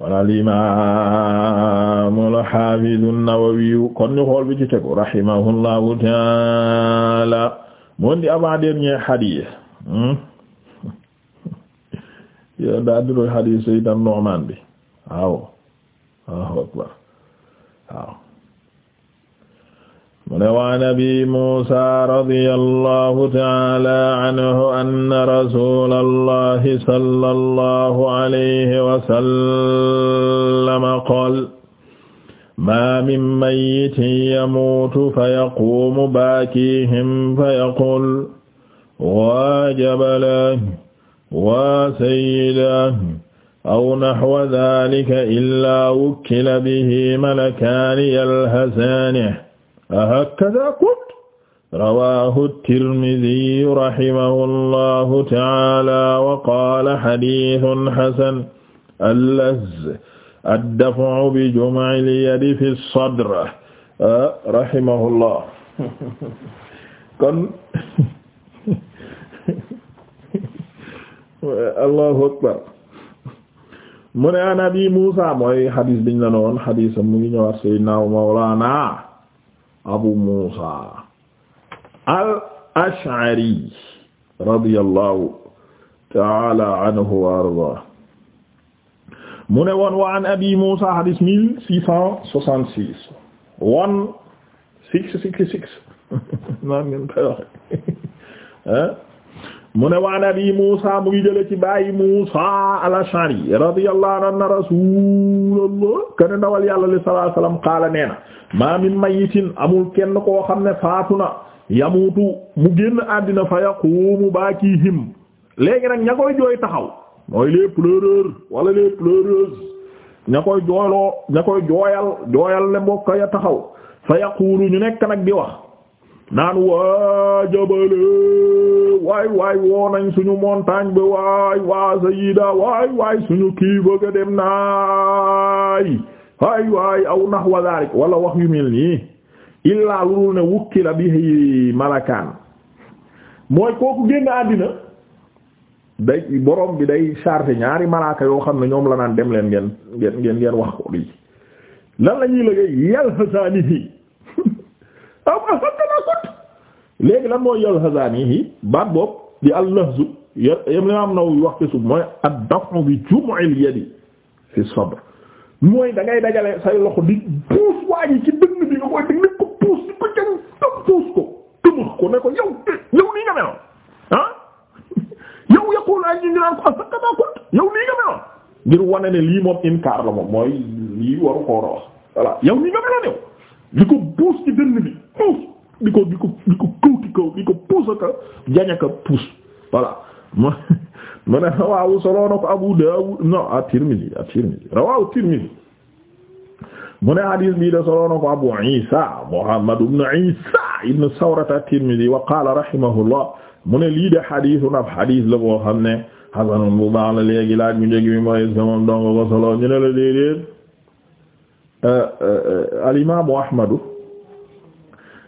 wala alimaamul xaafidu nawawiyu kon ñu xool bi ci tegu rahimahullahu taala moon di avant dernier xadiis hmm? yo daa dudoy xadiis sayyidina Nu'maan bi waaw waaw waaw mu ne waan abi muusa radiyallahu taala anhu anna rasulallahi sallallahu alayhi wa sallam qaala maa min mayyitin yamuutu fa yaquumu baakihim fa yaquul waa jabalaan waa sayyidaan aw naxwa daalika illaa wukkila bihi malakaani yalhasaanihi ahakada kunt rawahu tirmidiyu rahimahu allahu taala wa qaala xaditun xasan allaz addafu bi jum'il yadi fi sadr ah, rahimahullah kon allahu akbar mu ne an abi Muusa mooy xadis biñ la noon xadisam mu ngi ñëwaat sayyidina mawlaana abu muusa al ash'ari radiyallahu ta'ala anhu wa arda mu ne woon wa an abi muusa hadis mille six cent soixante six one six six six naan ngeen koy waxe mu ne wa an abi muusa mu ngi jële ci bàyyi muusa al ash'ari radiyallahu anhu anna rasulullah kana dawal yàlla sallallahu alayhi wa sallam qaala nee na maa min mayitin amul kenn koo xam ne faatu na yamutu mu génn àddina fa yaqumu baakihim léegi nag ña koy jooy taxaw mooy les pleureurs wala les pleureuses ña koy jooyloo ña koy jooyal jooyal le mbokk ya taxaw fa yaqulu ñu nekk nag di wax naan waa jabale waay waay woo nañ suñu montagne bi waay waa sayida waay waay suñu kii bëgg a dem naay ay waay aw nahwa dalik wala wax yu mel nii illaa lurul ne la bi malakaan mooy kooku génn àddina day borom bi day chargé ñaari malaaka yoo xam ne ñoom la naan dem leen ngeen ngeen ngeen ngeen wax ko lii lan la ñuy lëgéey yal hasaanihi aw ahakkana kut léegi lan mooy yal hasaanihi baat boobu di al-lahzu yam li ma am naw wax ci sub mooy ad-daf'u bi jum'il yadi fi sabr mooy dangay ngay dajale say loxo di puus waa bi nga di ko puus di ko jëng dam puus ko tëmux ko ne ko yow nii nga meloon ah yow yaqul ay ñu naan ko asaka ma kunt yow nii nga meloon ngir wane ne lii moom inkaar la moom mooy lii waru ko war wax voilà yow nii nga meloon yow di ko puus ci dënn bi puus di ko di ko di ko kawti kaw di ko puus aka jañ aka puus voilà mu mu ne rawaahu solo na ko Abu Dawud no at-Tirmidhi at-Tirmidhi rawaahu at-Tirmidhi mu ne hadis bii da solo na ko Abu Isa Muhammad ibn Isa ibn Sawrata at-Tirmidhi wa qaala rahimahullah mu ne lii de hadisun ab hadis la boo xam ne hasanun bu baax la léegi laaj mu njëgi mi mooy samam donga ko solo ñu ne la déedéet euh, euh, euh, al-Imaamu Ahmadu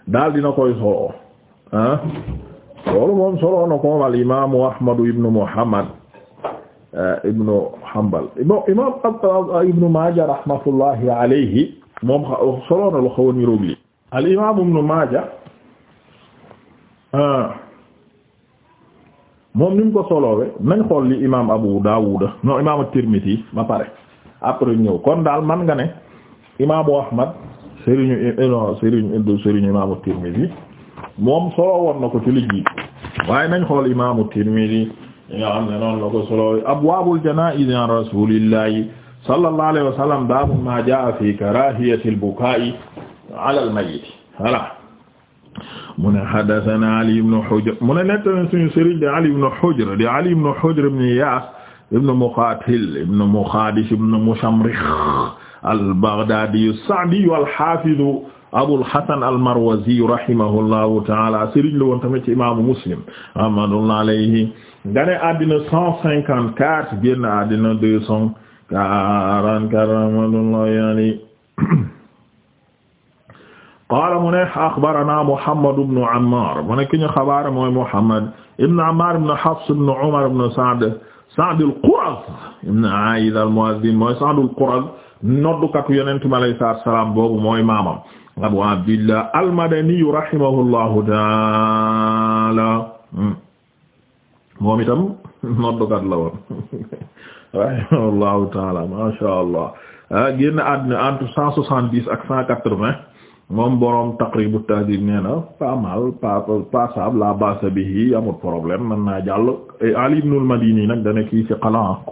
daal dina koy solo ah loolu moom solo na ko al imaamu Ahmadu ibnu Muhammad eh, ibnu Maaja rahmatullahi alayhi moom solo na lu xaw a niroog li al imaamu ibnu Maaja eh, moom ni mu ko soloowe nañ xool li imaam Abu Daawuda non imaam at-Tirmidhi ma pare après ñëw kon daal man nga ne imaamu Ahmad sëriñu eh, non sëriñu sëriñu moom solo woon na ko ci li waaye nañ xool imaamu Tirmidi ñi nga xam ne noonu la ko solo abwaabul janaa'iz an rasuulillahi sallallahu alayhi wa sallam baabu maa jaa'a fi karaahiyatil bukaa'i alal mayyit voilà mu ne haddasanaa Ali ibn Hujr mu ne nett na suñu sëriñ de Ali ibn Hujr di Ali ibn Hujr ibn Iyaas ibn Muqaatil ibn Muxaadis ibn Mushamrix al-Baghdaadi as-Sa'di al-Haafiz Abul Hasan al-Marwazi rahimahullahu ta'ala sëriñ la woon tamit ci imaamu Muslim rahmatullahi alayhi gane àddina cent cinquante quatre génn àddina deux cent quarante-quatre rahmatullahi alayhi qaala mu ne axbarana Muhammad ibn Ammar mu ne ki ñu xabaar mooy Muhammad ibn Ammar ibn Hafs ibn Umar ibn Sa'd Sa'd al-Quraz ibn A'id al-Mu'azzin mooy Sa'd al-Quraz noddukatu Yonent bi alayhi salaatu wa salaam boobu mooy maamam abu abdillah almadaniyu rahimahullahu taala moom itam noddukat la taala masha allah ah, génn àddina entre cent ak cent quatre-vingts moom boroom passable la basa bihi amul problème man naa jàll ali ibn al-madini nag dana kii ci la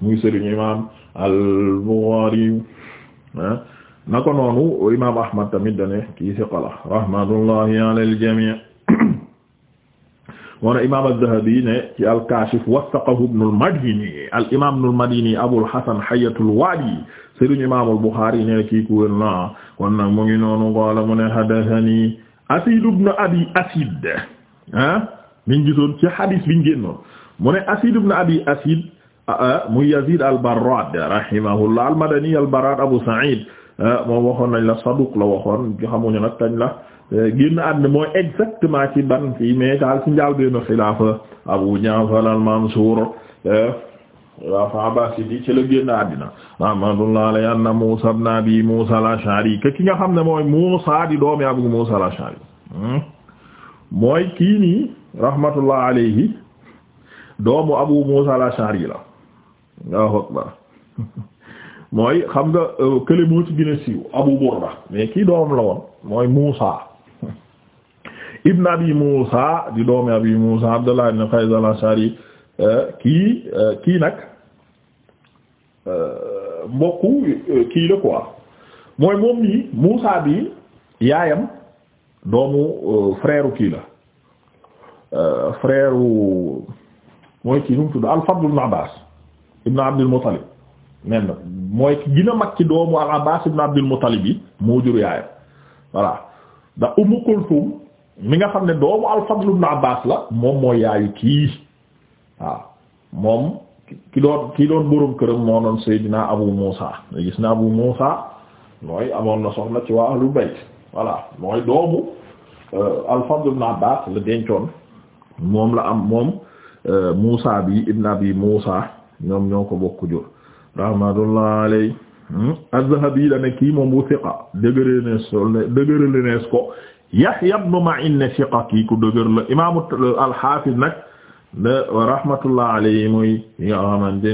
muy sëriñ imam na ko noonu imam ahmad tamit dane kii si qala rahmatullahi ala al-jami' wona imam az-Zahabi ne ci al-Kashif wathaqahu ibn al-Madini al-imam ibn al-Madini Abul Hasan Hayyatul Wadi sëriñ imam al-Bukhari ne kii ku wér na kon nag mu ngi noonu qala mu ne hadathani Asid ibn Abi Asid ah miñ gisoon ci hadis biñ génnoon mu ne Asid ibn Abi Asid ah, ah, muy Yazid al-Barrad rahimahullah al-Madani al-Barrad Abu Sa'id Ah, moom waxoon nañ la saduq la waxoon xamuñu nag kañ la eh, génn àddina mooy exactement ci ban fii mais daal ci njaal benn xilaafa Abu Ja'far al-Mansur eh, waaw fa Abbaasi ci la génn àddina rahmatullah alayhi anna Muusaa ibn Abi Muusaa al-Ash'ari ki nga xam ne mooy Muusaa di doomi Abu Muusaa al-Ash'ari hmm? mooy kii nii rahmatullah alayhi doomu Abu Muusaa al-Ash'ari la Allahu akbar mooy xam nga euh, kële moo ci gën a siiw Abu Burda mais kii doomam la woon mooy Muusa ibn Abi Muusa di doomi Abi Muusa Abdullah ibn Qays al-Ashari euh, kii euh, kii nag mbokku Muusa bi yaayam doomu frère kii la frère mooy kii nu mu tudd al-Fadl ibn ibn Abdul Muttalib même mooy gën mag ci doomu al Abbaas ibn Abdul Muttalib yi moo nga xam ne doomu al la moom mooy yaayu kii waaw moom ki doon ki doon boroom këram moo doon Seydina Abu Muusa nga gis na Abu Muusa mooy amoon na soxna ci waa ahlu bayt voilà mooy doomu euh, al Fadl ibn Abbaas la dencoon moom la am moom euh, Muusa bi ibn Abi Muusa ñoom ñoo ko bokk jur rahmatullah alay hmm? az-Zahabi la kii moom wu thiqa dëgëre nees dëgëre la nees ko Yahya ibn Ma'in ne thiqa kii ku dëgër la imaamu al-Hafiz nag da rahmatullah alayhi mooy nga xamante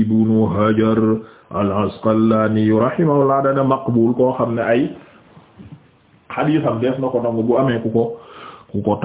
Ibnu Hajar al-Asqalani rahimahullah dana maqbul koo xam ne ay xadiisam def na ko nangu bu amee ku ko ku ko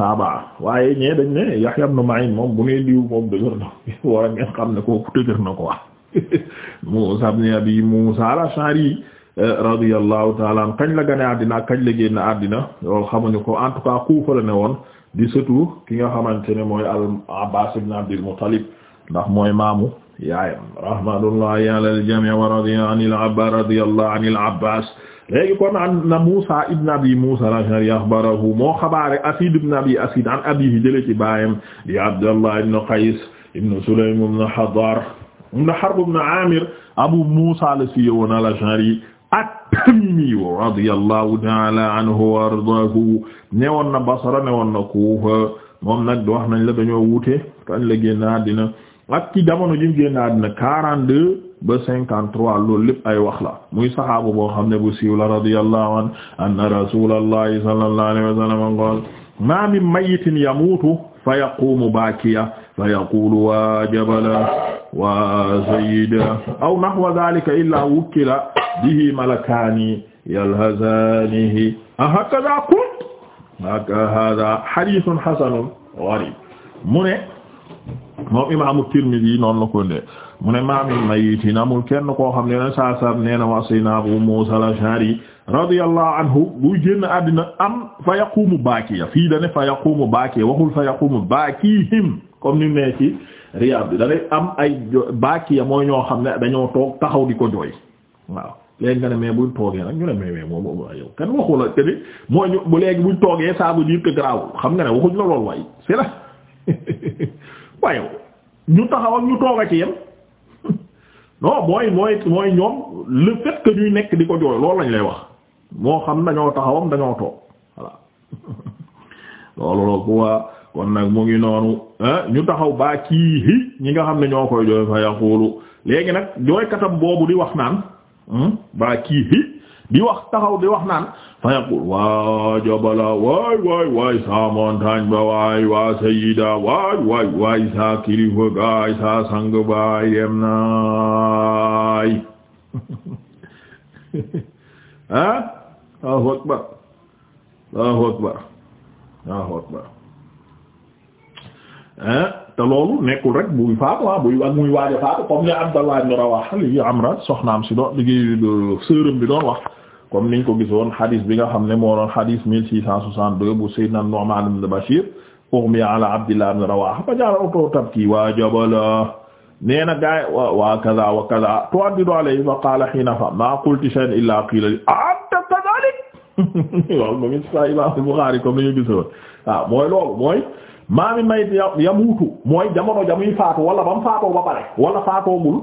ñee dañ ne Yahya ibn Ma'in moom bu nee diw moom dëgër na war a ngeen xam ne kooku na ko wax Muusaa ibn Abi Muusaa al-Ash'ari eh, radiyallahu ta'ala an kañ la gane àddina kañ la génn àddina loolu xamuñu ko en tout cas Kuufa la ne woon di sëtu ki nga xamante ne mooy al-Abbaas ibn Abdil Muttalib ndax mooy maamu yaayam rahmatullahi ala al-jamii' wa radiya anil Abbaas radiyallahu anil Abbaas léegi kon an na Muusaa ibn Abi Muusaa al-Ash'ari axbarahu moo xabaare Asiid ibn Abi Asiid an abiihi jële ci baayam di Abdallah ibn Qays ibn Sulaym ibn Hadar ibn Harb ibn Amir Abu Musa la siiwe woon al-Ash'ari at-Tamimi radiyallahu ta'ala anhu wa ardaahu newoon na Basra newoon na Kufa moom nag wax nañ la dañoo wuute kañ la génn àddina ak ci jamono ji mu génn àddina quarante deux ba cinquante trois loolu lépp ay wax la muy saxaabu boo xam ne bu siiw la radiyallahu an anna rasulallahi sallallahu alayhi wa sallam qaala ma min mayyitin yamuutu fa yaquumu baakiya fa yaqulu wa jabala wa sayyida aw nahwa dhalika illa wukkila bihi malakani yalhazanihi ahakada kunt aka hada hadithun hasanun gharib mu ne moom imaamu Tirmidhi noonu la ko de mu ne ma min mayitin amul kenn koo xam ne na saasam nee na wa sayna Abu Musa al-Ash'ari radiyallahu anhu buy génn àddina am fa yaqumu baakiya fii da dane fa yaqumu baakiya waxul fa yaqumu baakihim comme ni nee ci Riyad bi danay am ay baakiya mooy ñoo xam ne dañoo toog taxaw di ko jooy waaw léegi nga ne mais buñ toogee nag ñu ne mais mais moom yow kenn waxu la te mooy ñu bu léegi buñ toogee ça veut xam nga ne waxuñ la lool waaye c'est la waaye ñu ñu toog a ci yem non mooy mooy mooy ñoom le fait ñuy nekk di ko jooy loolu lañ lay wax. moo xam dañoo taxawam dañoo toog voilà loolu la kuwa kon nag mu ngi noonu ñu taxaw baa kii hi ñi nga xam ne ñoo koy jooy fa yaqulu léegi nag jooykatam boobu di wax naan hmm, baa kii hi di wax taxaw di wax naan fa yaqul waa jabala waay waay waay sa montagne ba waay waa sayida waay waay waay sa kilifa gaay sa sang baay dem naay ah Allahu akbar Allahu akbar Allahu akbar te loolu nekkul rek buy faatu ah buy ak muy waaja faatu comme ni Abdallah ibn Rawaha li Amra soxnaam si doon liggéey sërëm bi doon wax comme niñ ko gisoon xadis bi nga xam ne moo doon xadis 1662 bu Sayyidina Nu'man ibn Bashir ughmiya ala Abdillah ibn Rawaha fa ja'ala tabki wa jabala nee na gaay wa kaza wa kaza tuaddidu alayhi fa qala hina ma qultu shay'an illa qila li anta kadhalik loolu mu ngi sa imam Bukhari comme ni ñu gisoon waaw mooy loolu mooy maa mi may yamuutu mooy jamono jamuy faatu wala ba mu faatoo ba pare wala faatoogul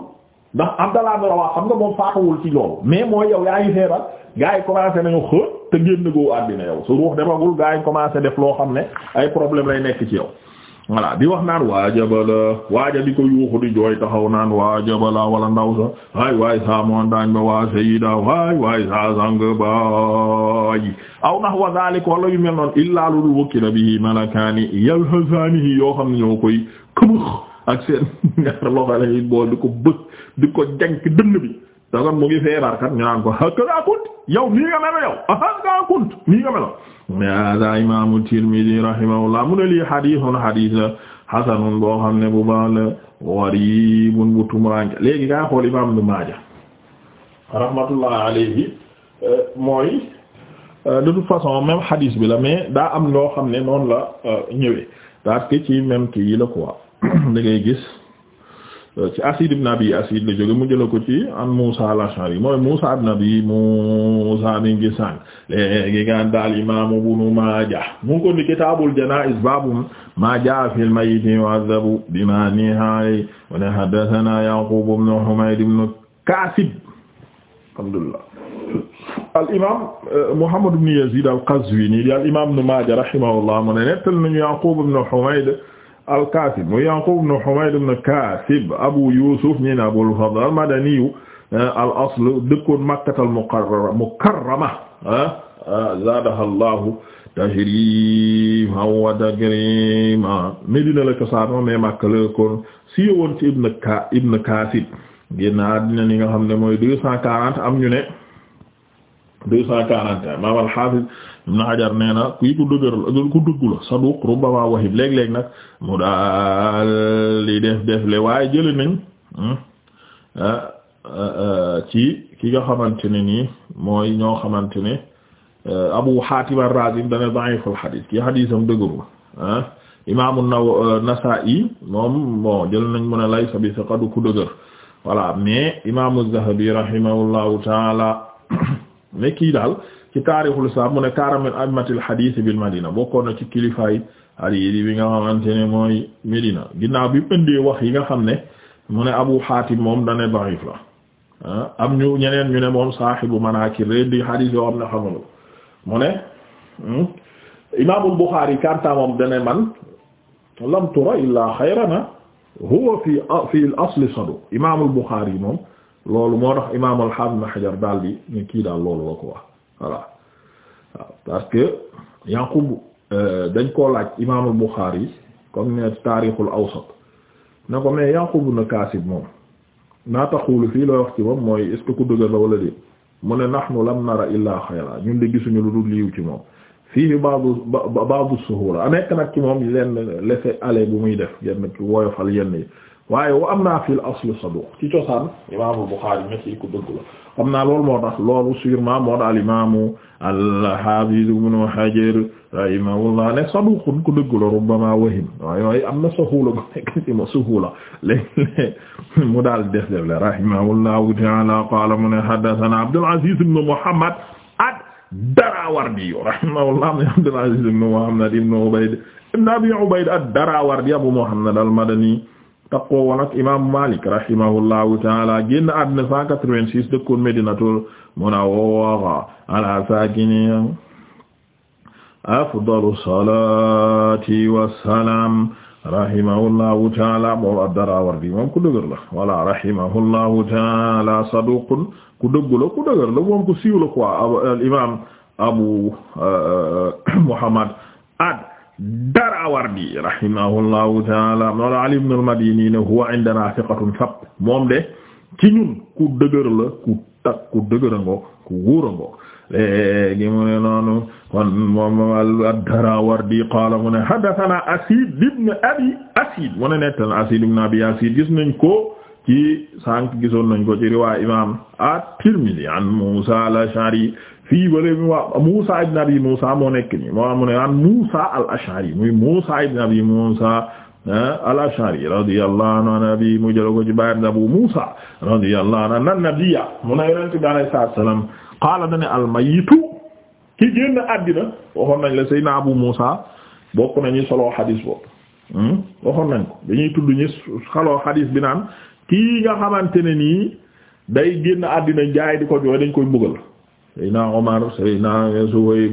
ndax Abdallah ibn Rawah xam nga moom faatuwul ci loolu mais mooy yow yaa ngi feebar gars yi commencé nañu xë te génn goo addina yow su ruux defagul gars yi commencé def loo xam ne ay problème lay nekk ci yow voilà di wax naan waajabala waaja di ko yuuxu di jooy taxaw naan waajabala wala ndaw sa waay waay sa montagne ba waa sayida waay waay sa sang baay aw nax wa dalik wala yu mel noon illaa lul wakkila bihi malakaani yalhasaanihi yoo xam ne ñoo koy këbëx ak seen ñaar loxo la ñuy bool di ko bëx di ko jank dënn bi da mu ngi feebar kat ñu naan ko hakka daa kunt yow nii nga yow hakka daa kunt nii nga mais hada imaamu Tirmidi rahimahullah mu ne lii xadiisun xadiis la xasanun boo xam ne bu baax la gariibun bu tumuranke léegi nga xool imaam Ibnu Maaja rahmatullah alayhi mooy de toute façon même xadiis bi la mais daa am loo xam ne noonu la euh, ñëwee parce que ci même kii yi la quoi da ngay gis ci Asid ibn Abi Asid la jóge mu jëla ko ci an Musa al-Ash'ari mooy Musa ibn Abi Musa mi ngi sànq léegi gaan daal imam Ibnu Maaja mu ngi ko ni kitaabul janaa'iz baabu maa jaa'a fil mayyiti yu'azzabu bimaa niha alayhi wa haddathanaa Ya'quub ibn Humayd ibn Kaasib alhamdulillah al imaam euh, Muhammad ibn Yazid al-Qazwini al imaam Ibnu Maaja rahimahullah mu ne nettal nañu Ya'quub ibn Humayd al-Kasib mu Yaqub ibn Humayd ibn Kasib Abu Yusuf ñi ne Abul Fadl al-Madaniyu eh, al-asl dëkkoon Makkatal Mukarrama eh, eh, zaadaha Allahu tashriifan wa takriiman Medina la cosaanoo mais Makka la kon si yowoon ci ibn Ka ibn Kasib génna àddina ni nga xam ne mooy deux cent quarante am ñu ne deux cent quarante Imaam al-Hafiz Ibn Hajar nee na kuy ku dëgër ku dëggu saduq rubbama wahib léeg-léeg nag mu daal li def def le waaye jëli nañ hmm, ah, ah, ah, ci ki nga xamante ni nii mooy ñoo xamante ne eh, Abu Hatim ar-Razi dana da'iful hadith ki haditham dëgëru ah imaamu eh, Nasa'i moom bon jël nañ mu ne laysa bi siqadu ku dëgër voilà mais imaamu Zahabi rahimahullahu taala ne kii daal. ci taarixul islam mu ne kaana min a'immatil hadith bil madina bokkoon na ci kilifaay hadith yi nga xamante ne mooy Medina ginnaaw bi ëndee wax yi nga xam ne mu ne Abu Hatim moom dane da'if la ah, am ñu ñeneen ñu moom saahibu manaakir di hadith yoo xam ne xamuñu mu ne hmm, imaamul Bukhari kanta moom dane man lam tura illaa xayrana huwa fi fi asli saduq imaamul Bukhari moom loolu moo tax imaamul Hafiz Ibn Hajar daal bi ñu kii daal loolu la wax voilà waaw parce que Yaqub euh, dañ koo laaj imaamul Bukhari comme ne taarixul awsat na ko mais Yaqub na Kasib moom naa taxulu fii looy wax ci moom mooy est-ce que ku dëgër la wala déet mu ne nahnu lam nara illaa xayra ñun de gisuñu lu dul liiw ci moom fii ba'du ba'du suhula a nekk nag ci moom yenn laisser aller bu muy def yenn ci woyofal yenn yi waaye wa am naa fil asli saduq ci cosaan imaamul Buxaari mési ko dëgg la naa lool moo tax loolu sûrement moo al imaamu al-Haafiz ibnu Hajar rahimahullah ne saduqun ko dëgg la rubbama wahim waaye waaye am na suhuula bu nekk ci ma suhuula léeg-léeg mu daal def def le rahimahullahu ta'aala qaala mu ne haddasanaa Abdul Aziz ibnu Muhammad ad-Darawardi rahimahullah ne Abdul Aziz ibnu Muhammad ibnu Ubayd ibnu Abi Ubayd ad-Darawardi Abu Muhammad al taqoo woon ak imaamu Malik rahimahullahu taala génn àdduna 186 dëkkoon Medinatul Munawwara ala saakinihaa afdalu salaati wa salaam rahimahullahu taala moom ad-Darawardi moom ku dëgër la voilà rahimahullahu taala saduqun ku dëggu la ku dëgër la moom ku siiw al imaam Abu euh, Muhammad ad Darawardi rahimahullahu taala mawla Ali ibn al-Madini ne huwa indana thiqatun sabt moom de ci ñun ku dëgër la ku tak ku ku wóor ngoog léegi mu ne noonu kon moom ad-Darawardi qaala mu ne haddathana Asid ibn Abi Asid gis nañ ko ci sànq gisoon nañ ko ci riwaaya imam at-Tirmidhi an Musa al fii wala mi waa Musa ibn Abi Musa moo nekk nii moo mu ne an Musa al-Ash'ari muy Musa ibn Abi Musa ah, al-Ash'ari radiyallahu anhu an abi mu jëla ko ci bàyyam Abu Musa radiyallahu anhu anna nabiyya mu ne yonent bi alayhi salaatu wa salaam qaala dane al-mayyitu ki génn àddina waxoon nañ la Seydina Abu Musa bokk nañu soloo xadiis boobu hmm, waxoon nañ ko dañuy tudd ñi xaloo xadiis bi naan kii nga xamante ne nii day génn àddina jaay di ko jooy dañ koy mbugal Seydina Omar Seydina Suhayb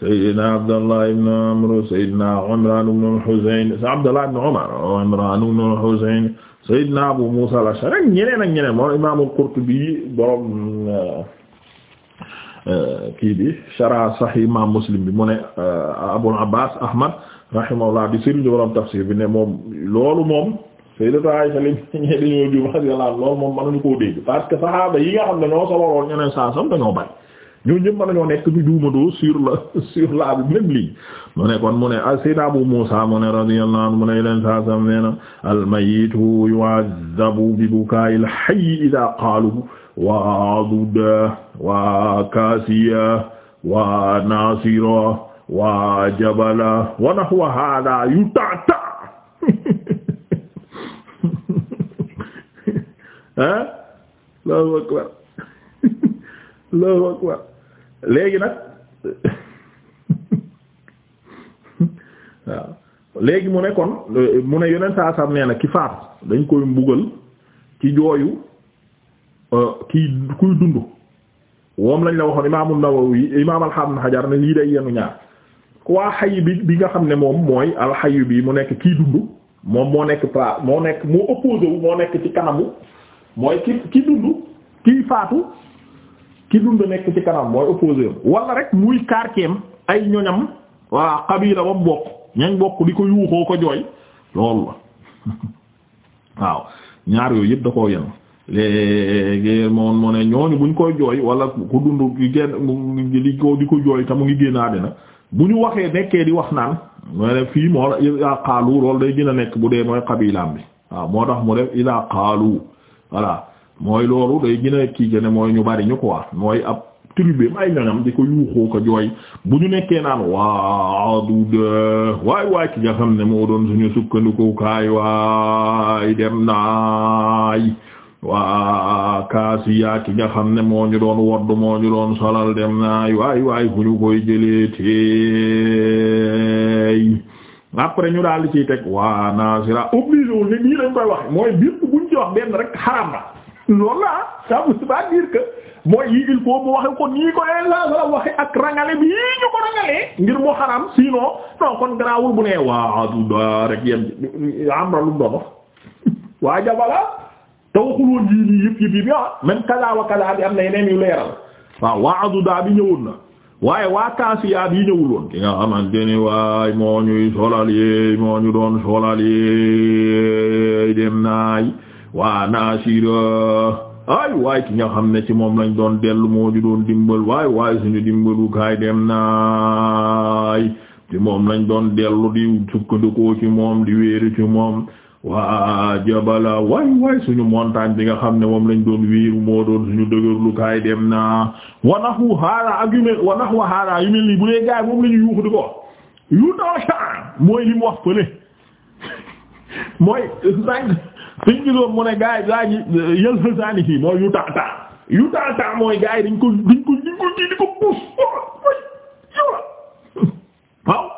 Seydina Abdallah ibn Amr Seydina Imran ibn al-Husayn Abdallah ibn Omar Imran ibn al-Husayn Seydina Abu Musa al-Ash'ari ñeneen ak ñeneen moom Imaam al-Qurtubi borom euh, euh, kii bi Sharh Sahih Imaam Muslim bi mu ne euh, Abul Abbas Ahmad rahimahullah di sëriñ borom tafsir bi ne moom loolu moom Sayyidatu Aisha li ñe dañoo jum radiyallahu loolu moom mënuñu koo dégg parce que saxaaba yi nga xam ne ñoo solo lool ñeneen saa sam dañoo bari ñoo ñëpp mën nañoo nekk bi duumandoo sur la sur la bi même lii mu ne kon mu ne ah Seydina Abu Muusa mu ne radiyallahu anhu mu ne leen saa sam nee na almayitu yu'azzabu bi bukaa'il hayyi idaa qaalubu wa duda wa kaasiya wa naasira wa jabala wa nahwa haadaa yuta'ta ah Allahu akbar léegi nag waaw léegi mu ne mu ne yeneen saa sam nee na ki faatu dañ koy mbugal ki jooyu euh, kii kuy dund woom lañ la waxoon imaam an-Nawawi imaam al-Hafiz Hajar ne lii day yenu ñaar waa xay bi bi nga xam ne moom mooy alxayu bi mu nekk kii dund moom moo nekk pa moo nekk moo opposé wu moo nekk ci kanamu mooy ki ki dund kii faatu ki dund nekk ci kanam mooy opposé wala rek muy quartier ay ñoñam waa xabila ba bokk ñañ bokk di ko yuuxoo ko jooy loolu waaw ñaar yooyu yëpp da koo yenu léegi moom mu ne ñooñu buñ koy jooy wala ku dund génn di ko di ko jooy te mu ngi génn àddina bu ñu waxee nekkee di wax naan mooy ne fii moo ila xaalu loolu day gën a nekk bu dee mooy xabilaam bi waaw moo tax mu def ila xaalu voilà mooy loolu day gën kii gën a mooy ñu bari ñu ko quoi mooy ab tribu ay ñoñam di ko yuuxoo ko jooy bu ñu nekkee naan waa du waay waay ki nga xam ne moo doon suñu sukkandiku kaay waay dem naay waa kaasi yaa ki nga xam ne moo ñu doon wodd moo ñu doon solal dem naay waay waay fu ñu koy jëlee teey après ñu daal di ciy teg waa naasira obligé wul ne nii koy wax mooy biir buñ ci wax benn rek xaram na loolu la ça veut pas dire que mooy yi il faut waxe ko nii ko la la waxe ak rangale bi ñu ko rangalee ngir moo xaram sinon non kon garaawul bu nee waa aduda rek yem amra lu dono waa jabala ah, te waxul woon yii nii yëpp yëpp yëpp ah même kaza am na yeneen yu leeral waaw waa aduda bi ñëwoon waaye waa taasiyaat yi ñëwul woon ki nga xamante ni waay moo ñuy solal yéey moo ñu doon solal dem naay waa naasira ay waay ki nga xam ne ci moom lañ doon dellu moo ñu doon dimbal waay waay suñu dimbalu kaay dem naay ci moom lañ doon dellu di sukkandikoo ci moom di wéeru ci moom waa jabala waay waay suñu montagne bi nga xam ne moom lañ doon wéeru moo doon suñu dëgërlu kaay dem naa wanaxu xaala ak yu mel wax fële mooy suñ gisoon mu ne gaa yi gaa yi yël mooy yu taa yu taa mooy gaa yi dañ ko dañ ko dañ ko di ko puus waaw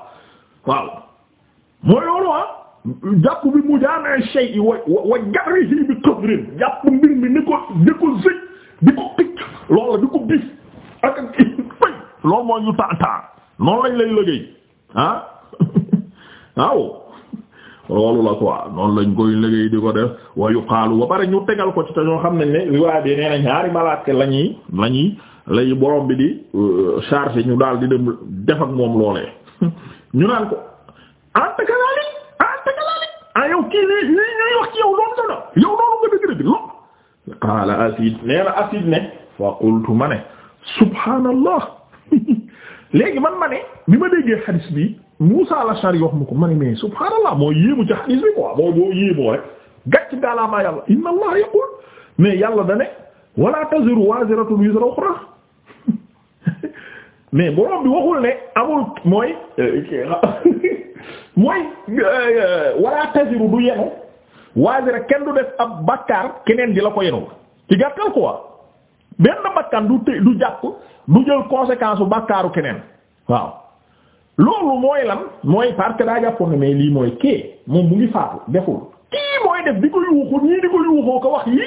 waaw mooy loolu ah jàpp bi mu jaamee shay wa wa garri bi qadrin jàpp mbir mi yu taa taa noonu lañ loolu la quoi noonu lañ koy liggéey di ko def wa yuqaalu ba pare ñu tegal ko ci te ñoo xam nañ ne riwaay bi nee na ñaari malaaka la ñuy la borom bi di euh, chargé ñu daal di dem def ak moom loolee ñu naan ko anta kalaalik anta kalaalik ah yow kii li li wax ci yow loolu nga dëgg-dëgg lool qaala asid nee na ne fa qultu ma ne subhaanallah léegi man ma ne bi ma déggee xadis bi Moussa al-Ash'ari wax mu ko ma ne mais subhaanallah moo yéemu ci hadith bi quoi boo boo yéemoo rek gàcc gaalaamaa yàlla inna allah yaqul mais yàlla da ne wala taziru waziratun wizra ukhra mais borom bi waxul ne amul mooy mooy euh, wala taziru du yenu wazira kenn du def ab bakkaar keneen di la ko yenul ci gàttal quoi benn bakkan du te du jàpp du jël conséquence bu keneen waaw. loolu mooy lan mooy parce que daa jàppoon mais lii mooy kii moom mu ngi faatu deful kii mooy def di ko yuuxu ñii di ko yuuxoo ko wax yi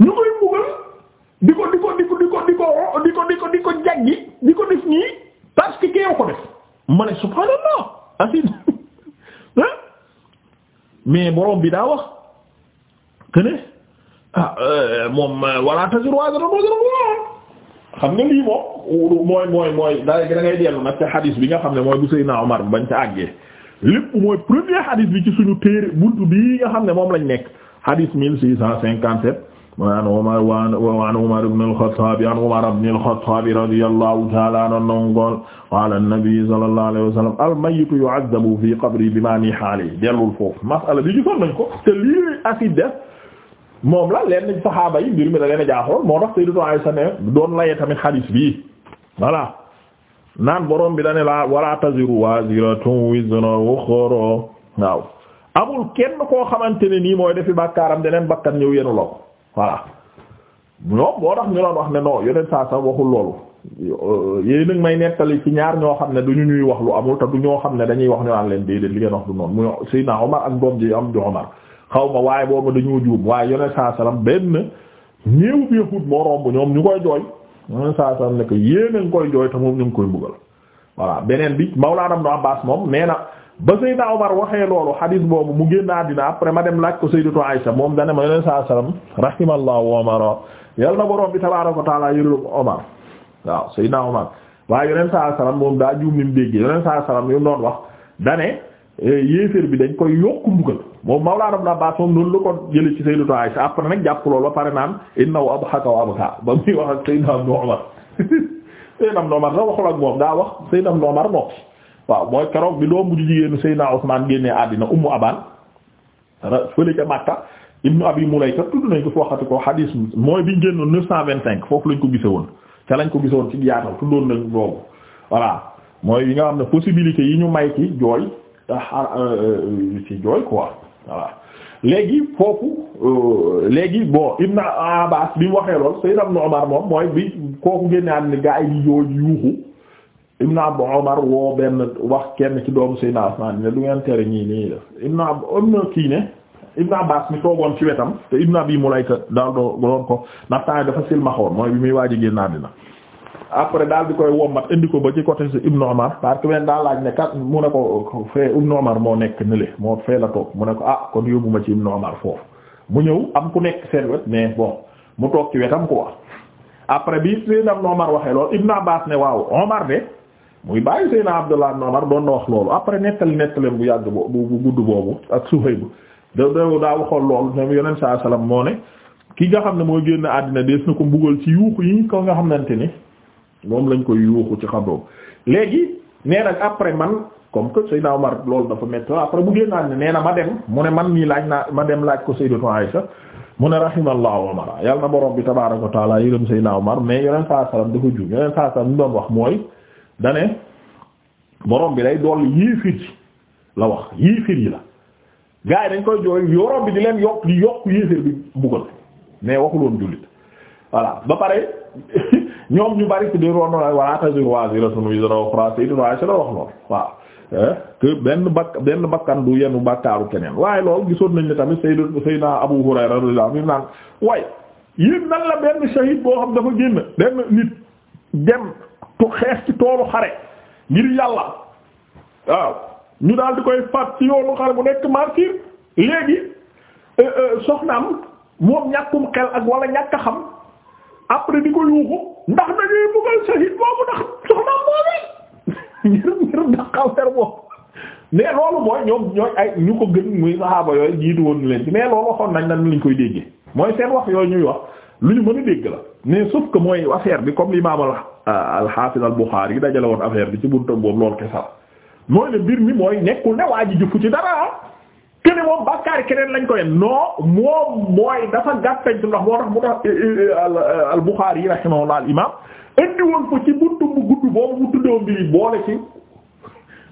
ñu koy mbugal di ko di ko di ko di ko di ko di ko di ko di ko di ko def nii parce ko def ma ne subhaanallah asin mais borom bi daa wax que ah moom wala taziru waziratun wizra ukhra xam nga lii moom mooy mooy mooy da ngay dellu nag te xadis bi nga xam ne mooy bu Seydina Omar bañ ca àggee lépp mooy premier xadis bi ci suñu téere buntu bii nga xam ne moom lañ nekk xadis mille six cent cinquante-sept an Umar wa an Umar ibn al-Khattab an Umar ibn al-Khattab radiyallahu ta'ala anhu qaal qaala an-nabi sallallahu alayhi wa sallam al-mayyitu yu'adhabu fi qabri bima niha alayhi dellul foofu masala bi gisoon nañ ko te lii acide def moom la leen saxaaba yi mbir mi da leen a jaaxoon moo tax Sayyidatu Aysa ne doon laye tamit xadiis bi voilà naan borom bi da ne laa wala taziru waaziratun wizra uxra waaw amul kenn koo xamante ne nii mooy defi bàkkaaram deneen bakkan ñëw yenu la ko voilà ñoom moo tax ñu doon wax ne non yeneen saa sax waxul loolu yéen may nettali ci ñaar ñoo xam ne du ñu ñuy wax lu amul te du ñoo xam ne dañuy wax ñu naan leen déedéet li ngeen wax du noonu mu Seydina Omar ak doom am di Omar xaw ma waaye boobu dañoo juum waaye yoneen saa salaam benn ñéew bi yëpp moo romb ñoom ñu koy jooy yoneen saa salaam a ngi moom ñu na ba Seydina Omar waxee loolu xadiis boobu mu génn àddina après ma dem laaj ko Sayyidatu Aysa moom dane ma yoneen saa salaam rahimallahu Omar yal na borom bi tabaaraka wa ta'aala yërëm Omar waaw Seydina Omar waaye yoneen saa salaam moom daa juum ni mu déggee yoneen saa salaam wax dane eh, yéeféer bi dañ koy yokk mbugal moom Mawlaana Ibn Abbaas moom noonu la ko jëlee ci Sayyidatu Aysa après nag jàpp loolu ba pare naan innahu adhaka wa abka ba muy wax ak Sayyidina Ibn Umar Sayyidina Ibn Umar sax waxul ak moom daa wax Sayyidina Ibn Umar noppi waaw mooy keroog bi doomu jigéenu Sayyidina Usmaan génnee àddina Ummu Abaan fële ca Makka Ibn Abi Mulayka tudd nañ ko waxati ko xadiis mooy biñ génnoon neuf cent vingt-cinq foofu lañ ko gise woon ca lañ ko gisoon ci yaatal tuddoon nañ boobu voilà mooy yi nga xam ne possibilité yi ñu may ci ah, ah, euh, voilà léegi foofu euh, léegi bon Ibn Abbas bi waxee lool Sayyid Ibn Umar moom mooy bi kooku génne am ni gaa yi yooyu yuuxu Ibn Abu Umar woo benn wax kenn ci doomu Sayyid Usman ne du ngeen tere ñii nii def Ibn kii ne Ibn Abbas mi toogoon ci wetam te Ibn Abi Mulayka daal doo doon ko ndax temps dafa silmaxoon mooy bi muy waaj a génn àddina après daal di koy wommat indi ko ba ci côté si Ibnu Umar parce que beneen daal laaj ne kat mu ne ko fee Ibnu Umar moo nekk nële moo fee la toog mu ne ko ah kon yóbbu ma ci Ibnu Umar foofu mu ñëw am ku nekk seen wet mais bon mu toog ci wetam ko wax après bi Seydina Ibnu Umar waxee loolu Ibnu Abbas ne waaw Umar de muy bàyyi Seydina Abdullah ibnu Umar doon na wax loolu après nettali nettaleem bu yàgg bu bu gudd boobu ak Suhayb da daa waxoon loolu ñoom saa moo ne ki nga xam ne moo génn àddina dees na ci yuuxu yi ko xamante ni moom lañ koy yuuxu ci xabroom léegi nee nag après man comme que Seydina Omar loolu dafa métti après bu génnaan ne nee na ma dem mu ne man nii laaj naa ma dem laaj ko Sayyidatu Aïsha mu ne rahimallahu Omar yal na borom bi tabaaraka wa taala yërëm Seydina Omar mais yeneen saa salaam dafa jug yeneen saa salaam ñu doon wax mooy dane borom bi day dool yéefir yi la wax yéefir yi la gars dañ koy jooy yorom bi di leen yokk di yokk yéefir bi buggal mais waxul woon jullit ñoom ñu bari ci di ron wala taziru waaziratun wizra uxra Sayyidatu Aisha la wax lool waaw eh, que benn bakk benn bakkan du yenu bakkaaru keneen waaye lool gisoon nañ ne tamit Sayyidatu Sayyidina Abu Hurayra radiyallahu anhu naan waaye yéen nan la benn shahid boo xam dafa génn benn nit dem tu xeex ci toolu xare ngir yàlla waaw ñu daal di koy faat ci yoonu xare bu nekk martyr léegi eh, eh, soxnaam moom ñàkkum xel ak wala ñàkk xam après di ko yuuxu ndax dañuy buggal sahid boobu ndax soxna moom ngir ngir ndax affaire boobu mais loolu mooy ñoom ñooy ay ñu ko gën muy saxaaba yooyu jiitu woon leen ci mais loolu waxoon nañ nan lañ koy déggee mooy seen wax yooyu ñuy wax lu ñu mën dégg la mais sauf que mooy affaire bi comme li euh, al-Hafiz al-Bukhari yi dajale woon affaire bi ci buntu boobu loolu kesal mooy ne mbir mi mooy nekkul ne waa ji jëfu ci dara kene moom bàkkaari keneen lañ ko yen non moom mooy dafa gàttañ tu ndax moo tax mu tax euh, euh, al euh, Bukhari rahimahullah al imam indi ko ci buntu bu gudd boobu mu tuddoo mbiri boole ci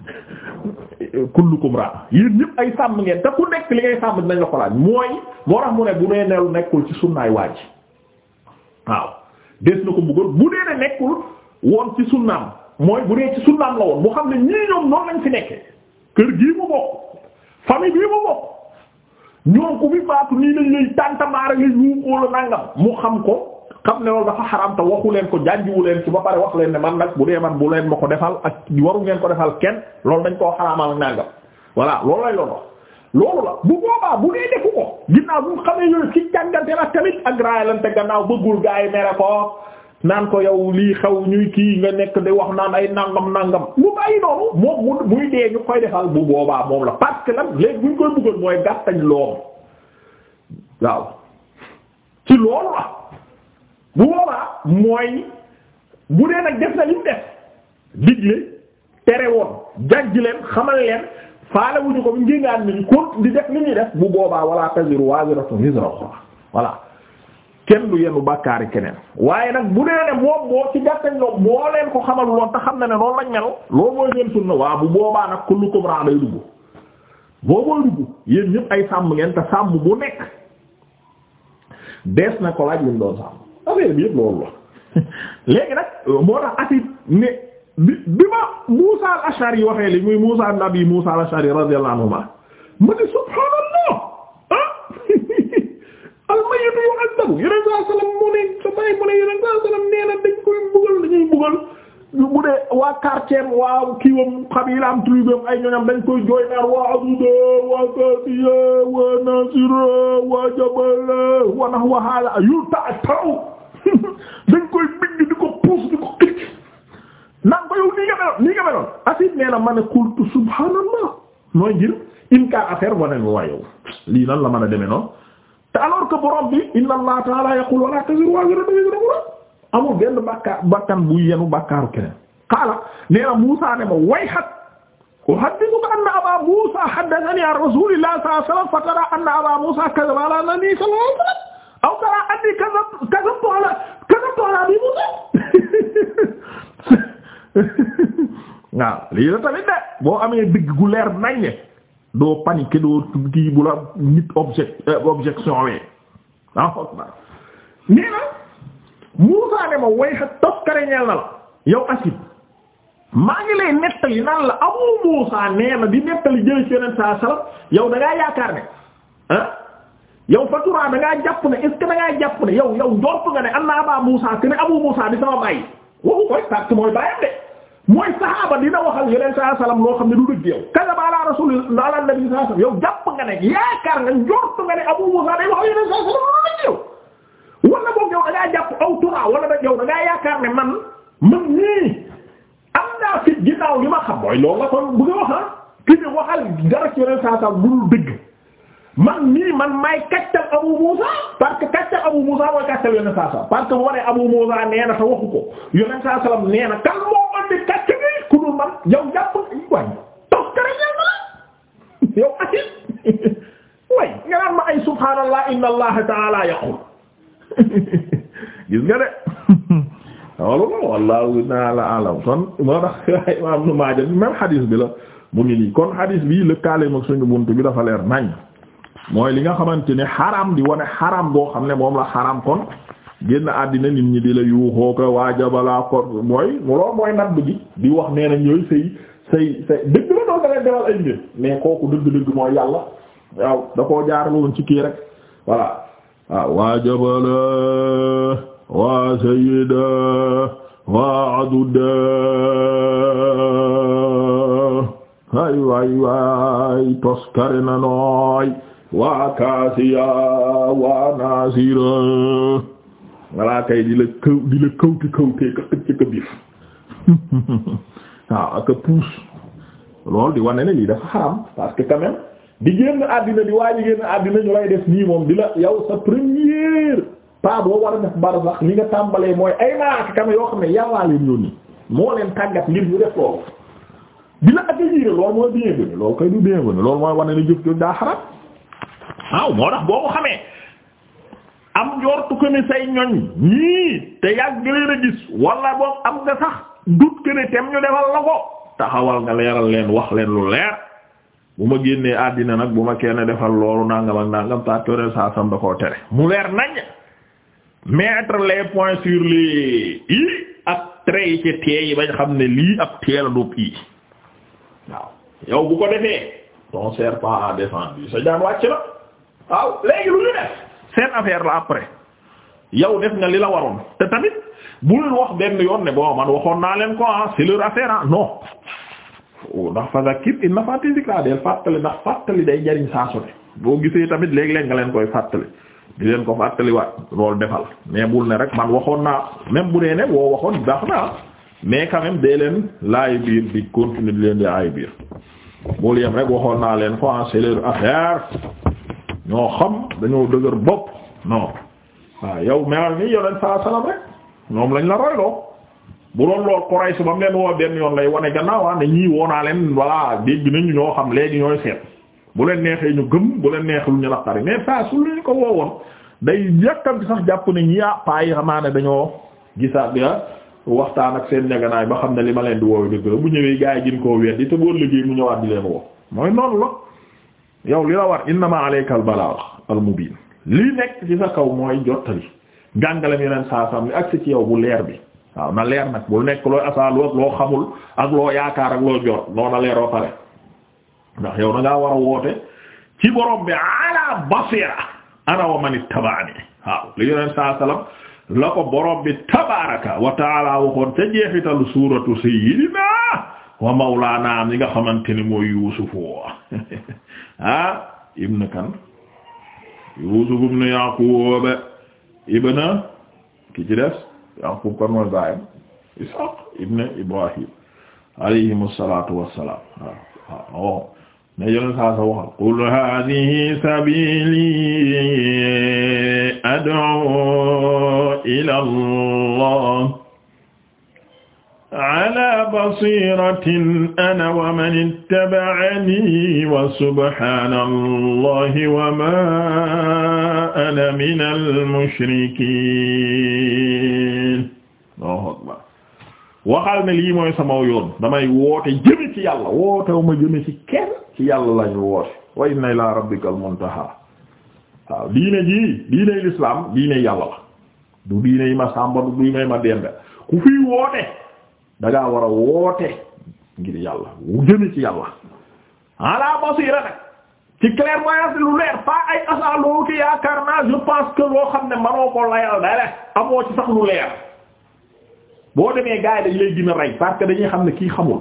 kullukum ra yéen ñëpp ay sàmm ngeen te ku nekk li ngay sàmm dinañ la ko laaj mooy moo tax mu ne bu dee neelu nekkul ci sunnaay waaj waaw des na ko bëggoon bu dee ne nekkul woon ci sunnaam mooy bu dee ci sunnaam la woon mu xam ne ñii ñoom noonu lañ fi nekkee kër gii mu bokk famille bii mu bokk ñoom ku fi faatu nii lañ lay tàntamaara nga yuuxoo la nangam mu xam ko xam ne loolu dafa xaram te waxu leen ko jànjiwu leen ci ba pare wax leen ne man nag bu dee man bu leen ma ko defal ak waru ngeen ko defal kenn loolu dañ koo xaraamal ak nangam voilà loolu lay loolu loolu la bu boobaa bu dee defu ko ginnaaw bu xamee yooyu ci jàngante la tamit ak raayalante gannaaw bëggul gaa yi mere ko naan ko yow lii xaw ñuy kii nga nekk di wax naan ay nangam nangam mu bàyyi noonu moom muy dee ñu koy defal bu boobaa moom la parce que lan léegi buñ koy bëggoon mooy gàttañ loom waaw ci loolu la bu boobaa mooy bu dee nag def na li def digle tere woon jàjj leen xamal leen faale wuñu ko bu ngéngaan niñ kon di def li ñuy def bu boobaa wala taziru waziratun wizra ukhra kenn du yenu bàkkaari keneen waaye nag bu dee ne moom moo ci gàttañ loolu moo leen ko xamal loolu te xam na ne loolu lañ mel boobaa nag kullukum raa day dugg booboo dugg yéen ñëpp ay sàmm ngeen te sàmm bu nekk dees na ko laaj li mu doon sàmm affaire bi yëpp loolu la léegi nag moo tax atit ne bi bi ma Muusa al waxee li muy Muusa nabi Muusa al-Ashari radiyallahu anhu ma ne almayitu yu addabu yeneen saa salaam mu ne sa bàyyi mu ne yeneen saa salaam nee dañ koy mbugal dañuy mbugal bu dee waa quartier waa kiiwam xabilaam tribam ay ñoñam dañ koy jooy naar waa aduda waa kasiya waa nasira waa jabala waa nax waxaala yu taa taw dañ koy bigg di ko puus di ko xicc naan ko yow nii nga meloon nii nga meloon asit nee ma ne kultu subhanallah nooy ngir inkaar affaire wane waa yow lii nan la mën a demee noonu te alors que borom inna allah taala yaqul wala taziru waziratun wizra ukhra amul benn bàkkaar bakkan bu yenu bàkkaaru keneen qaala nee na ma way xat uhaddithuka anna aba Muusaa haddathani an rasuulillah sallallahu alayhi wasallam anna aba Muusaa kadhaba ala nabi sallallahu alayhi wasallam aw tara anni kadhabtu ala kadhabtu ala abi Muusaa waaw lii la tamit de boo amee digg gu leer naññe doo paniquer doo kii bu la nit object euh, objection wee waaw xool naa na Muusaa ne ma way xa toskare na la yow asib maa ngi lay nettali naan la amoo Muusaa nee di nettali jële ci yeneen saa sallam yow da ngaa yaakaar ne ah yow Fatura da ngaa jàpp ne est ce jàpp ne yow yow njort nga ne am na abaa Muusaa que ne abu Muusaa di sama bàyyi waxu koy parce que mooy bàyyam de. mooy saxaaba dina waxal yeneen saa salaam loo xam ne du dëgg yow kadaba ala rasul ala nabi saa salaam yow jàpp nga ne yaakaar nga njortu nga ne Abu Musa day wax yeneen saa salaam lu dëgg yow wala aw tura ne ma xam mooy loolu la kon bu nga ah, man nii man maay que kàccal Abu Musa mooy kàccal yeneen saa salaam parce que bu ma waxu ko yeneen saa salaam nee na kan moo man yow jàpp waay na yow asil way nga la wallahu ta'ala alam kon moo tax imam nu maaja bi même bi la mu ngi nii kon xadis bi lëkkaale mag suñu bunt bi dafa leer nañ mooy li nga xamante ni xaram di wane xaram boo xam ne moom la xaram kon génn àddina nit ñi di la yuuxoo ko waajabalaa ko mooy loolu mooy natt gi di wax nee na ñooy say say dëgg la doon da leen defal ay mbir mais kooku dëgg-dëgg mooy yàlla waaw da koo jaarale woon ci kii rek voilà waaw waajabala waa sayida waa aduda ay waay waay tos kare nooy waa kaasiya waa naasira malaaka yi di la këw di la këwti këwtee ka xëcc waaw aka puus loolu di wane ne lii dafa xaram parce que quand même di génn àddina di génn àddina ñu lay def nii moom di la yow sa première pas boo war a def barsax li nga tàmbalee mooy ay malaaka quand même yoo xam ne yàllaa leen yónni moo leen tàggat ngir ñu def loolu di la accueillir loolu mooy bienvenu loolu koy du bienvenu loolu mooy wane ne jëf jooju daa xaram waaw moo tax boo ko xamee am njortu ko say ñoñ ñii te yàgg leen a gis wala boog am nga sax dut ko tem ñu defal la ko taxawal nga leeral leen wax leen lu leer bu ma génnee àddina nag bu ma kenn defal loolu nangam ak nangam saa tere saa sam koo tere mu leer nañ mettre les points sur les i ak traits yi ci bañ xam ne lii ab tee la du i waaw yow bu ko defee ton sert pas à défendre sa wàcc na waaw léegi lu ñu def seen affaire la après yow def nga li la waroon te tamit bul wax benn yoon ne bon man waxoon naa leen ko ah c'est leur affaire ah non oh, ndax fazakir inna fàttali dikra del fàttali ndax fàttali day jariñ saa su ne boo gisee tamit léeg-léeg nga leen koy fàttali di leen ko fàttaliwaat lool defal mais bul ne rek man waxoon naa même bu dee ne woo waxoon baax naa mais quand même dee leen laay biir di continuer leen di aay biir bul yem rek waxoon naa leen ko ah c'est ñoo xam dañoo dëgër bopp non waaw yow melal ni yoneen saa salaam rek ñoom lañ la royloo bu doon lool Quraysh ba mu leen woo benn yoon lay wone gannaaw ah ne ñii woo naa leen voilà dégg nañu ñoo xam léegi ñooy seet bu leen neexee ñu gëm bu leen neexee lu ñu naqari mais saa su lu ñu ko woowoon day yàkkam sax jàpp ne ñi ah paa yi xamaane dañoo gisaat ga waxtaan ak seen ñaganaay ba xam ne li ma leen di woowe dëgg la bu ñëwee gaa yi gin koo weddi te boo liggéey mu ñëwaat di leen woo yow li la war innama alayka al balagh al nekk ci sa kaw mooy jottali gàngalem yeneen saa sam li ak ci yow bu leer bi waaw na leer nag bu nekk looy asaalu ak loo xamul ak loo yaakaar ak loo jor noo na leer ba pare ndax yow na war a woote ci borom bi ala basira ana wa man ittaba'ani waaw li yeneen saa salam la ko borom bi tabaraka wa taala ca jeexital suuratu sayyidina wa mawlaana am yi nga xamante ni mooy yuusufu ah ibn kan Yusuf ibn Yaqub ibn ki ci des Yaqub kan mooy baayam Ishaq ibn Ibrahim alayhimu salaatu wassalaam waaw ne yoneen saa sa waxal qul hadihi sabili ad'u ila Allah ala basiratin ana wa man ittaba'ani wa subhaanallahi wa maa ana minal mushrikiin waxal ne lii mooy sama yoon damay woote jëme ci yàlla woote wu ma jëme ci kenn ci yàlla lañu woote wa inna ilaa rabbikal muntahaa waaw diine jii diiney lislaam diine yàlla la du diine yi ma sàmba du diine yi ma dembe ku fi woote dangaa war a woote ngir yàlla wu jëmi ci yàlla ala basira nag ci clairvoyance lu leer pas ay asaaloo ki yaakaar naa je pense loo xam ne manoo ko layal dale amoo ci sax lu leer boo demee gars yi dañ lay gën a rey dañuy xam ne kii xamul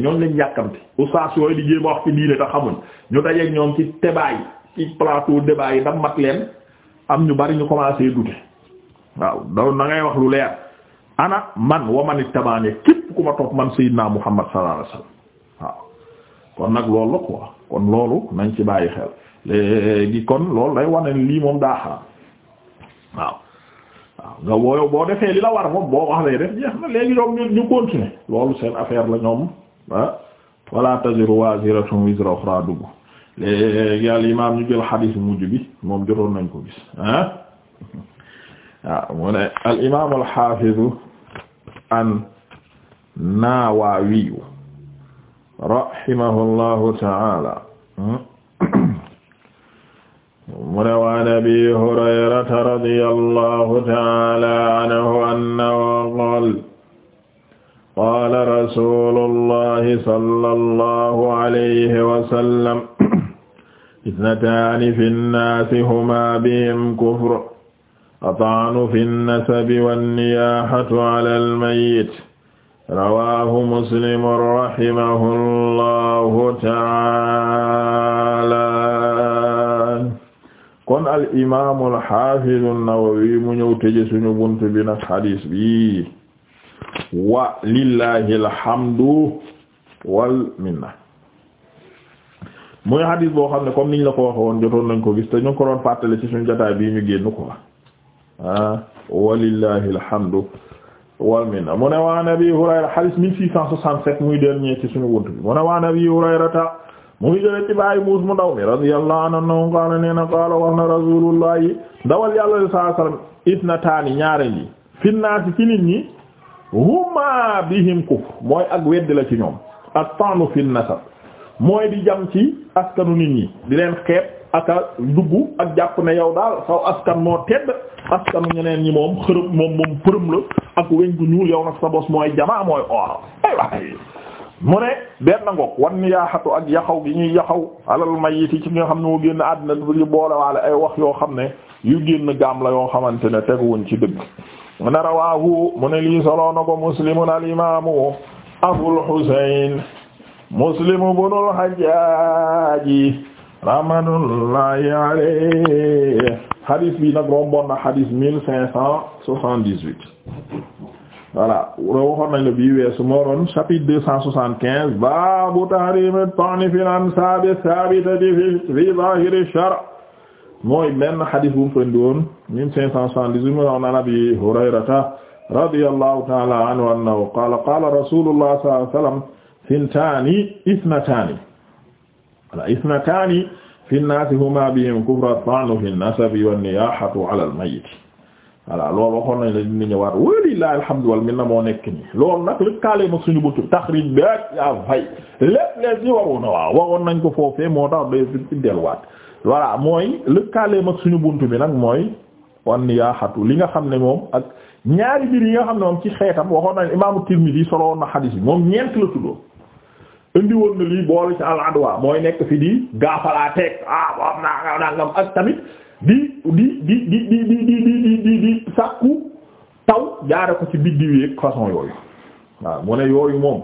ñoom lañ yàkkamti oustaz yooyu di jéem a wax ci diine te xamuñ ñu dajeeg ñoom ci débat yi ci plateau débat yi da mat leen am ñu bari ñu commencé douter waaw daw na wax lu leer ana man wa man ittabaani képp ku ma topp man sayyidina Muhammad sallallahu alaihi wasallam kon nag loolu la quoi kon loolu nañ ci bàyyi xel léegi kon loolu day wane lii moom daa xaram waaw nga wooyo boo defee li la war moom boo wax def jeex na léegi ñoom ñu ñu continuer loolu seen affaire la ñoom ah wala taziru waziratun wizra ukhra léegi al ñu jël xadiis mujj bi moom jotoon nañ ko gis ah waaw mu ne al imam an Nawawi rahimahullahu ta'ala mu ne waan abi hurayrata radiyallahu ta'ala anhu annahu qaala qaala rasuulullahi sallallahu alayhi wa sallam isnataani fin naasi humaa bihim kufrun ataanu fi nnasabi wanniyaahatu ala almayit rawaahu muslim rahimahullahu taala kon al imaamu alxaafidu nnawawi mu ñëw tëje suñu bunt bi nag xadiis bi wa lillahi alhamdu wal minna muy xadiis boo xam ne comme niñ la ko waxoon jotoon nañ ko gis te ñu ko doon fàttale ci suñu jotaay bii ñu génn ko Ah, walillahi alhamdu wal minna mu ne waan Abi Hurayra hadith 1667 muy dernier ci suñu wunt mu ne waan Abi Hurayrata mu ngi jëlee ci bàyyi muus mu ndaw mi radiyallahu anhu qaala qaala wax na rasulullahi dawal yàlla sallallahu alayhi wasallam itnataani ñaare yi finnaati ci nit ñi huma bihim kufr mooy ak weddi la ci ñoom at-ta'nu fi nasab mooy di jam ci askanu nit ñi di leen xeeb ak a ak jàpp ne daal saw askan moo tedd askanu ñeneen ñi moom xërëb moom moom përëm la ak weñ gu ñuul yow nag sa bos mooy jamaa mooy or ay mu ne benn ngoog wan yaaxatu ak yaxaw gi ñuy yaxaw alal mayit yi ci nga xam ne moo génn àddina di boolewaale ay wax yoo xam ne yu génn gaam la yoo xamante ne teguwuñ ci dëgg mu ne rawaahu mu ne lii soloo na ko muslimun al imaamu abul husayn muslim ibnul hajjaaji rahmatullahi alayhi hadis bi nag romboon na hadis mille cinq cent soixante-dix-huit voilà waxoon nañ la bii weesu mooroon chapitre deux cent soixante-quinze baabu tahrim at-ta'n fil ansab as-sabitati fi zahir ash-shar' mooy benn hadis bu mu fandi woon mille cinq cent soixante-dix-huit mu wax na Abi Hurayrata radiyallahu ta'ala anhu annahu qala qala rasulullah sallallahu alayhi wa sallam sintaani isnataani wala isnataani fi nnaasi huma bihim kufra ta'nu fi nasabi wan niyahatu ala loolu waxoon nañ la dina ñëwaat walillahi alhamdu wal minna moo nekk nii loolu nag li kaale mag suñu buntu taxrij bi ak yaa fay waxoon nañ ko foofee moo tax day ci delluwaat voilà mooy li kaale suñu bunt bi nag mooy wan niyahatu li nga xam ne moom ak ñaari mbir yi nga xam ne moom ci xeetam waxoon nañ imaamu Tirmidhi solowoon na xadiis bi moom ñeent la tuddoo indi woon na lii boole ci al adwa mooy nekk fi di gaafalaa teeg ah am naa nangam ak tamit di di di di di di di di di di di taw jaare ko ci biddiw yeeg yooyu waaw mu yooyu moom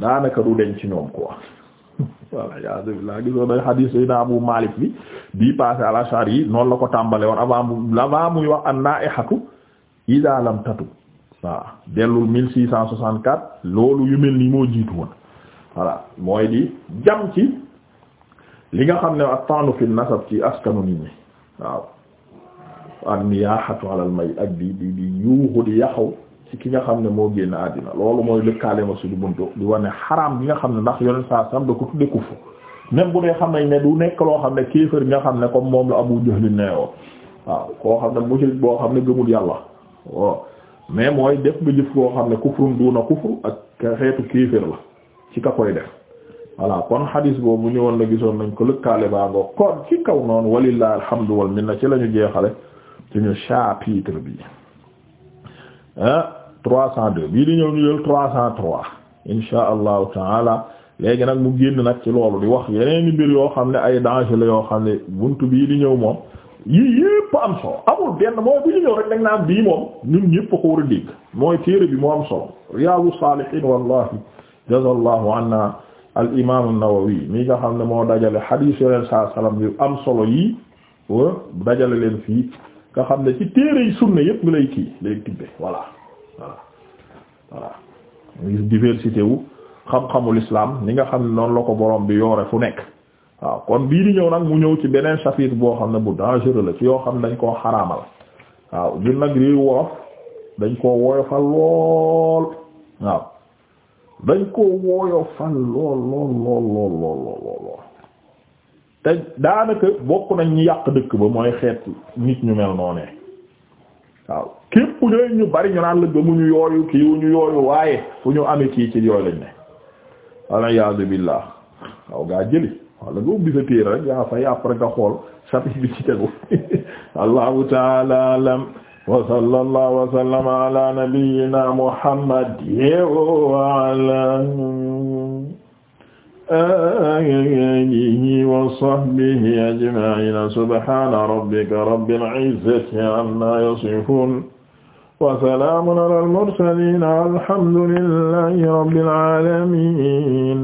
daanaka du deñ ci ñoom quoi voilà yasubillah gisoo day hadis sayna Abu Malik bi bii passé al yi noonu la ko tàmbale woon avant mu avant muy wax an naihatu ida lam tatu waaw dellul 1664 loolu yu mel nii moo jiitu woon voilà mooy di jam ci li nga xam ne at-ta'nu fi nasab ci askanu nit ñi waaw an miyaahatu alal may ak di di yuuxu di yaxaw ci ki nga xam ne moo génn àddina loolu mooy lëkkaale ma suñu buntu di wane xaraam bi nga xam ne ndax yoneen saa sam da ko xam nañ ne du nekk loo xam ne kéefër bi nga xam ne comme moom la Abu Jahl neewoo waaw koo xam ne mushrik boo xam ne gëmul yàlla mais mooy def nga jëf koo xam ne kufrun duuna kufr ak xeetu kéefër la ci ka koy def voilà kon xadis boobu ñëwoon na gisoon nañ ko lëkkaale baa ngoo kon ci kaw noonu walillahi alhamdu wal minna ci lañu jeexale suñu chapitre bi ah 302 bii di ñëw ñu jël 303 insha allahu taala léegi nag mu génn nag ci loolu di wax yeneen i biir yoo xam ne ay danger la yoo xam ne bunt bii di ñëw moom yii yépp am solo amul benn mooy bu ñu ñëw rek dañ naan bii moom ñun ñépp ko war dégg mooy téere bi moo am solo riyâdous jazallahu anna al imam an-Nawawi mi nga xam ne moo dajale xadiis yo saa salaam yu am solo yi dajale leen fii nga xam ne ci téere yi sunna yëpp ngi lay kii lay tibbe voilà voilà voilà gis diversité wu xam-xamul islam ni nga xam ne noonu la ko borom bi yoore fu nekk waaw kon bii di ñëw nag mu ñëw ci beneen chapitre boo xam ne bu dangereux la ci yoo xam ne dañ koo xaraamal waaw ñun nag réew wolof dañ koo woyofal lool waaw dañ koo wooyo fal lool lool lool lool lool lool te daanaka bokk nañ ñi yàq dëkk ba mooy xeet nit ñu mel noonee waaw képp ñu bari ñu naan la gëmuñu yooyu kii wu ñu yooyu waaye fu ñu amee kii ci yooyu lañ ne walla yaazu billaah waaw gaa jëli walla nga ubbi sa téere rek yaa fay après nga xool sabit bi ci tegu allahu taala wa sallallahu wa sallama ala nabiyyina muhammad wa ala alihi wa sahbihi ajma'in subhana rabbika rabbil izzati amma yasifun wa salamun ala al mursalin alhamdulillahi rabbil alamin